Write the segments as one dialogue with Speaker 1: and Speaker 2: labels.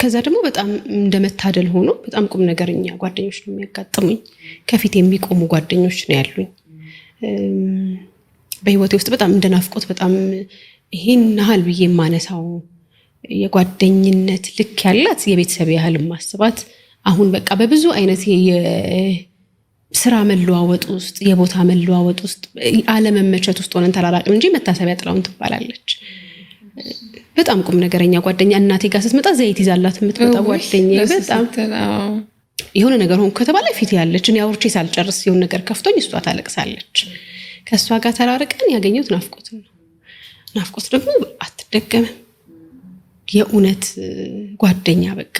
Speaker 1: ከዛ ደግሞ በጣም እንደመታደል ሆኖ በጣም ቁም ነገርኛ ጓደኞች ነው የሚያጋጥሙኝ። ከፊት የሚቆሙ ጓደኞች ነው ያሉኝ። በህይወቴ ውስጥ በጣም እንደናፍቆት በጣም ይህን ያህል ብዬ የማነሳው የጓደኝነት ልክ ያላት የቤተሰብ ያህል ማስባት አሁን በቃ በብዙ አይነት ስራ መለዋወጥ ውስጥ የቦታ መለዋወጥ ውስጥ አለመመቸት ውስጥ ሆነን ተራራቅን እንጂ መታሰቢያ ጥላውን ትባላለች። በጣም ቁም ነገረኛ ጓደኛ እናቴ ጋር ስትመጣ ዘይት ይዛላት የምትመጣ ጓደኛ በጣም የሆነ ነገር ሆን ከተባለ ፊት ያለች እኔ አውርቼ ሳልጨርስ የሆነ ነገር ከፍቶኝ እሷ ታለቅሳለች። ከእሷ ጋር ተራርቀን ያገኘሁት ናፍቆት ነው። ናፍቆት ደግሞ አትደገምም። የእውነት ጓደኛ በቃ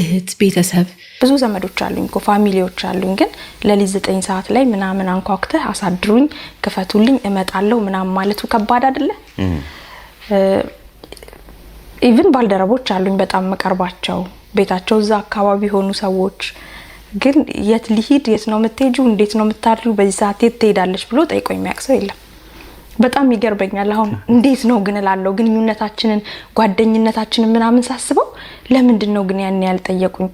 Speaker 1: እህት፣ ቤተሰብ፣
Speaker 2: ብዙ ዘመዶች አሉኝ እኮ ፋሚሊዎች አሉኝ። ግን ለሊት ዘጠኝ ሰዓት ላይ ምናምን አንኳኩተህ አሳድሩኝ፣ ክፈቱልኝ፣ እመጣለሁ ምናምን ማለቱ ከባድ አይደለ? ኢቭን ባልደረቦች አሉኝ በጣም መቀርባቸው ቤታቸው እዛ አካባቢ የሆኑ ሰዎች ግን የት ሊሂድ የት ነው የምትሄጁ እንዴት ነው የምታድሪው በዚህ ሰዓት የት ትሄዳለች ብሎ ጠይቆ የሚያውቅ ሰው የለም። በጣም ይገርበኛል። አሁን እንዴት ነው ግን እላለሁ ግንኙነታችንን ጓደኝነታችንን ምናምን ሳስበው ለምንድን ነው ግን ያን ያልጠየቁኝ?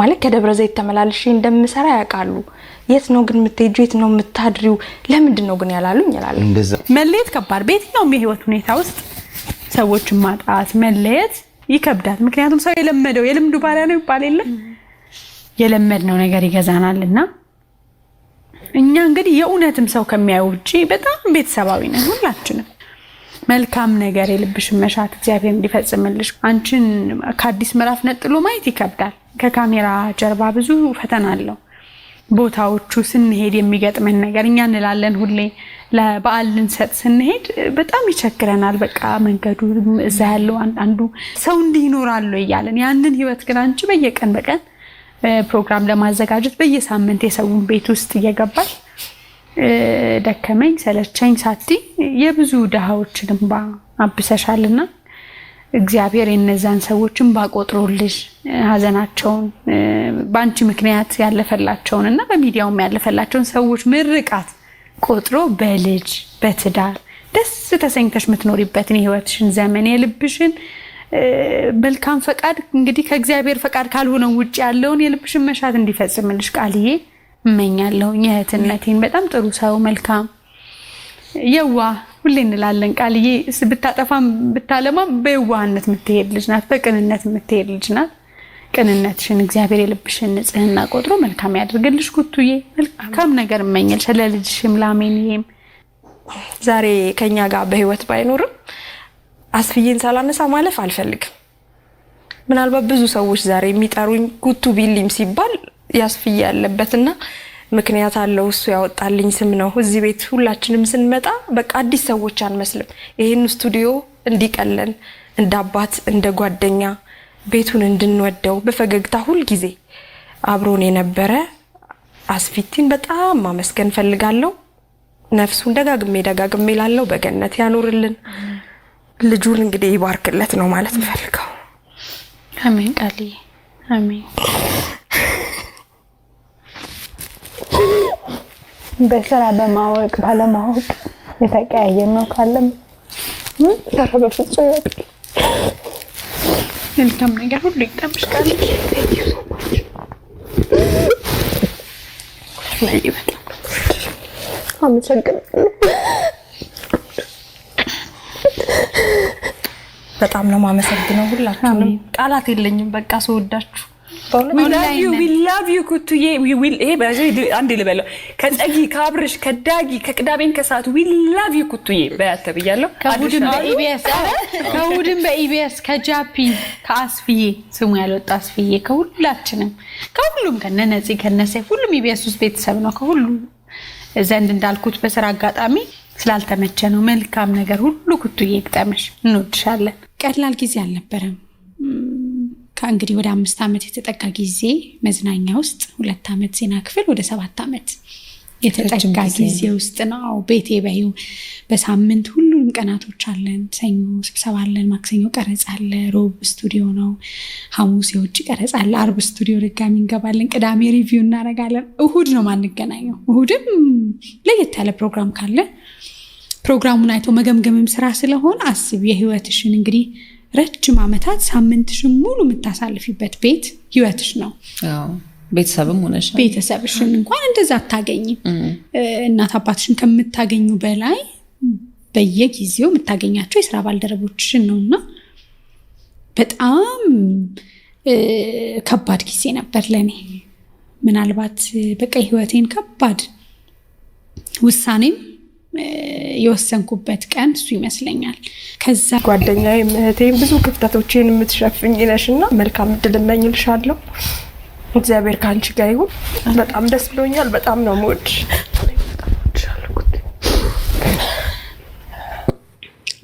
Speaker 2: ማለት ከደብረ ዘይት ተመላልሼ እንደምሰራ ያውቃሉ። የት ነው ግን የምትሄጁ የት ነው የምታድሪው ለምንድን ነው ግን ያላሉኝ ይላሉ።
Speaker 1: መለየት ከባድ በየትኛውም የህይወት ሁኔታ ውስጥ ሰዎች ማጣት መለየት ይከብዳል። ምክንያቱም ሰው የለመደው የልምዱ ባሪያ ነው ይባል የለ የለመድነው ነገር ይገዛናል እና እኛ እንግዲህ የእውነትም ሰው ከሚያዩ ውጭ በጣም ቤተሰባዊ ነን ሁላችንም። መልካም ነገር የልብሽን መሻት እግዚአብሔር እንዲፈጽምልሽ አንቺን ከአዲስ ምዕራፍ ነጥሎ ማየት ይከብዳል። ከካሜራ ጀርባ ብዙ ፈተና አለው። ቦታዎቹ ስንሄድ የሚገጥመን ነገር እኛ እንላለን ሁሌ ለበዓል ልንሰጥ ስንሄድ በጣም ይቸግረናል። በቃ መንገዱ እዛ ያለው አንዳንዱ ሰው እንዲህ ይኖራሉ እያለን ያንን ህይወት ግን አንቺ በየቀን በቀን ፕሮግራም ለማዘጋጀት በየሳምንት የሰውን ቤት ውስጥ እየገባል ደከመኝ ሰለቸኝ ሳቲ የብዙ ድሃዎችን እንባ አብሰሻልና እግዚአብሔር የነዛን ሰዎችን ባቆጥሮልሽ ሀዘናቸውን በአንቺ ምክንያት ያለፈላቸውን እና በሚዲያውም ያለፈላቸውን ሰዎች ምርቃት ቆጥሮ በልጅ በትዳር ደስ ተሰኝተሽ የምትኖሪበትን የህይወትሽን ዘመን የልብሽን መልካም ፈቃድ እንግዲህ ከእግዚአብሔር ፈቃድ ካልሆነ ውጭ ያለውን የልብሽን መሻት እንዲፈጽምልሽ ቃልዬ እመኛለሁ እህትነቴን በጣም ጥሩ ሰው፣ መልካም፣ የዋ ሁሌ እንላለን ቃልዬ ብታጠፋም ብታለማም በየዋህነት የምትሄድ ልጅ ናት። በቅንነት የምትሄድ ልጅ ናት። ቅንነትሽን እግዚአብሔር የልብሽን ንጽህና ቆጥሮ መልካም ያደርግልሽ። ጉቱዬ መልካም ነገር እመኝልሽ ለልጅሽም ላሜንዬም።
Speaker 2: ዛሬ ከኛ ጋር በህይወት ባይኖርም አስፍዬን ሳላነሳ ማለፍ አልፈልግም። ምናልባት ብዙ ሰዎች ዛሬ የሚጠሩኝ ጉቱ ቢልም ሲባል ያስፍዬ ያለበትና ምክንያት አለው እሱ ያወጣልኝ ስም ነው። እዚህ ቤት ሁላችንም ስንመጣ በቃ አዲስ ሰዎች አንመስልም። ይህን ስቱዲዮ እንዲቀለን እንደ አባት እንደ ጓደኛ ቤቱን እንድንወደው በፈገግታ ጊዜ አብሮን የነበረ አስፊቲን በጣም ማመስገን ፈልጋለሁ። ነፍሱን ደጋግሜ ደጋግሜ ላለው በገነት ያኖርልን፣ ልጁን እንግዲህ ይባርክለት ነው ማለት እንፈልገው።
Speaker 1: አሜን ቃልዬ፣ አሜን።
Speaker 2: በስራ በማወቅ ባለማወቅ የተቀያየም ነው ካለም ተረበፍጹ ይወቅ
Speaker 1: መልካም ነገር ሁሉ በጣም ነው የማመሰግነው ሁላችሁንም። ቃላት የለኝም። በቃ ሰወዳችሁ
Speaker 2: አንድ ልበለው ከጸጊ ከአብርሽ ከዳጊ ከቅዳሜን ከሰዓት ዊ ላቭ ዩ ኩቱዬ በያተ ብያለሁ።
Speaker 1: ከቡድን በኢቢኤስ ከጃፒ ከአስፍዬ ስሙ ያልወጣ አስፍዬ ከሁላችንም ከሁሉም ከነነፂ ከነሴ ሁሉም ኢቢኤስ ውስጥ ቤተሰብ ነው። ከሁሉ ዘንድ እንዳልኩት በስራ አጋጣሚ ስላልተመቸ ነው። መልካም ነገር ሁሉ ኩቱዬ ግጠመሽ። እንወድሻለን። ቀላል ጊዜ አልነበረም። ከእንግዲህ ወደ አምስት ዓመት የተጠጋ ጊዜ መዝናኛ ውስጥ ሁለት ዓመት ዜና ክፍል ወደ ሰባት ዓመት የተጠጋ ጊዜ ውስጥ ነው። ቤቴ በዩ በሳምንት ሁሉንም ቀናቶች አለን። ሰኞ ስብሰባ አለን፣ ማክሰኞ ቀረጻ አለ፣ ሮብ ስቱዲዮ ነው፣ ሐሙስ የውጭ ቀረጻ አለ፣ አርብ ስቱዲዮ ድጋሚ እንገባለን፣ ቅዳሜ ሪቪው እናደረጋለን እሁድ ነው ማንገናኘው። እሁድም ለየት ያለ ፕሮግራም ካለ ፕሮግራሙን አይቶ መገምገምም ስራ ስለሆነ አስብ የህይወትሽን እንግዲህ ረጅም ዓመታት ሳምንትሽን ሙሉ የምታሳልፊበት ቤት ህይወትሽ ነው።
Speaker 3: ቤተሰብም ሆነሽ
Speaker 1: ቤተሰብሽን እንኳን እንደዛ አታገኝም። እናት አባትሽን ከምታገኙ በላይ በየጊዜው የምታገኛቸው የስራ ባልደረቦችሽን ነው እና በጣም ከባድ ጊዜ ነበር ለእኔ። ምናልባት በቃ ህይወቴን ከባድ ውሳኔም የወሰንኩበት ቀን እሱ ይመስለኛል። ከዛ
Speaker 2: ጓደኛዬ እህቴም ብዙ ክፍተቶችን የምትሸፍኝ ነሽ እና መልካም እድል እመኝልሻለሁ። እግዚአብሔር ከአንቺ ጋር ይሁን። በጣም ደስ ብሎኛል። በጣም ነው ሞድ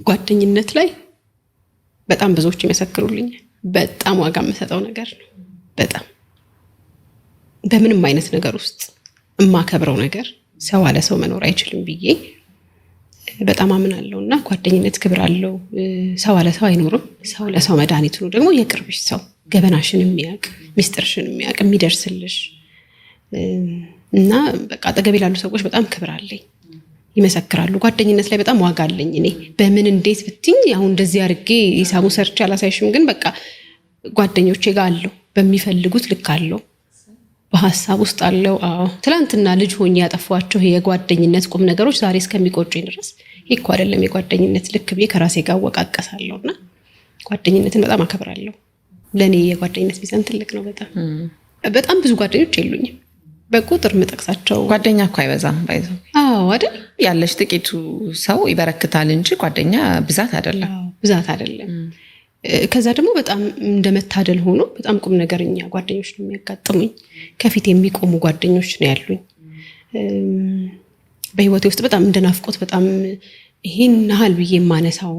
Speaker 1: ጓደኝነት ላይ በጣም ብዙዎች ይመሰክሩልኛል። በጣም ዋጋ የምሰጠው ነገር ነው። በጣም በምንም አይነት ነገር ውስጥ የማከብረው ነገር ሰው አለ ሰው መኖር አይችልም ብዬ በጣም አምናለሁ እና ጓደኝነት ክብር አለው። ሰው አለሰው አይኖርም። ሰው ለሰው መድኃኒቱ ነው። ደግሞ የቅርብሽ ሰው ገበናሽን የሚያውቅ ሚስጥርሽን የሚያውቅ የሚደርስልሽ እና በቃ አጠገብ ላሉ ሰዎች በጣም ክብር አለኝ፣ ይመሰክራሉ። ጓደኝነት ላይ በጣም ዋጋ አለኝ። እኔ በምን እንዴት ብትኝ አሁን እንደዚህ አድርጌ ሂሳቡ ሰርቼ አላሳይሽም፣ ግን በቃ ጓደኞቼ ጋር አለው በሚፈልጉት ልክ አለው። በሀሳብ ውስጥ አለው። አዎ ትላንትና ልጅ ሆኜ ያጠፏቸው የጓደኝነት ቁም ነገሮች ዛሬ እስከሚቆጩኝ ድረስ ይኮ አይደለም የጓደኝነት ልክ ብዬ ከራሴ ጋር እወቃቀሳለሁ እና ጓደኝነትን በጣም አከብራለሁ። ለእኔ የጓደኝነት ሚዛን ትልቅ ነው። በጣም በጣም ብዙ ጓደኞች የሉኝም በቁጥር ምጠቅሳቸው
Speaker 3: ጓደኛ እኮ አይበዛም። ባይዘ አይደል ያለች ጥቂቱ ሰው ይበረክታል እንጂ ጓደኛ ብዛት አይደለም
Speaker 1: ብዛት አይደለም። ከዛ ደግሞ በጣም እንደመታደል ሆኖ በጣም ቁም ነገርኛ ጓደኞች ነው የሚያጋጥሙኝ። ከፊት የሚቆሙ ጓደኞች ነው ያሉኝ። በህይወቴ ውስጥ በጣም እንደናፍቆት በጣም ይህን ያህል ብዬ የማነሳው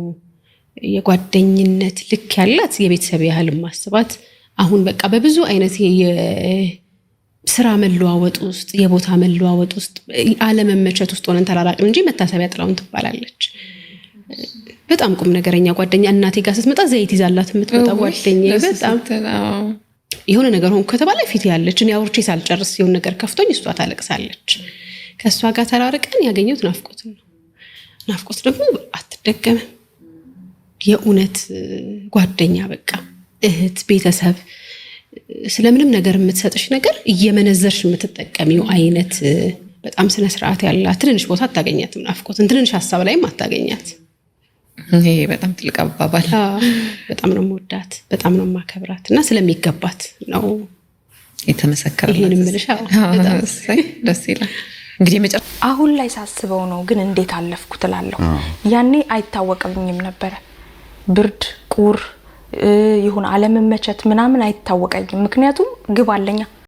Speaker 1: የጓደኝነት ልክ ያላት የቤተሰብ ያህል ማስባት አሁን በቃ በብዙ አይነት ስራ መለዋወጥ ውስጥ የቦታ መለዋወጥ ውስጥ አለመመቸት ውስጥ ሆነን ተራራቅን እንጂ መታሰቢያ ጥላውን ትባላለች። በጣም ቁም ነገረኛ ጓደኛ እናቴ ጋር ስትመጣ ዘይት ይዛላት የምትመጣ ጓደኛ በጣም የሆነ ነገር ሆንኩ ከተባለ ፊት ያለች እኔ አውርቼ ሳልጨርስ የሆነ ነገር ከፍቶኝ እሷ ታለቅሳለች። ከእሷ ጋር ተራርቀን ያገኘሁት ናፍቆት ነው። ናፍቆት ደግሞ አትደገምም። የእውነት ጓደኛ በቃ እህት፣ ቤተሰብ ስለምንም ነገር የምትሰጥሽ ነገር እየመነዘርሽ የምትጠቀሚው አይነት በጣም ስነስርዓት ያላት ትንንሽ ቦታ አታገኛትም ናፍቆትን። ትንንሽ ሀሳብ ላይም አታገኛት
Speaker 3: ይሄ በጣም ትልቅ አባባል።
Speaker 1: በጣም ነው የምወዳት፣ በጣም ነው የማከብራት እና ስለሚገባት ነው የተመሰከረ። ይሄን
Speaker 3: ደስ ይላል። እንግዲህ መጨረሻ
Speaker 2: አሁን ላይ ሳስበው ነው ግን እንዴት አለፍኩ ትላለሁ። ያኔ አይታወቅብኝም ነበረ ብርድ ቁር ይሁን አለመመቸት ምናምን አይታወቀኝም። ምክንያቱም ግብ አለኛ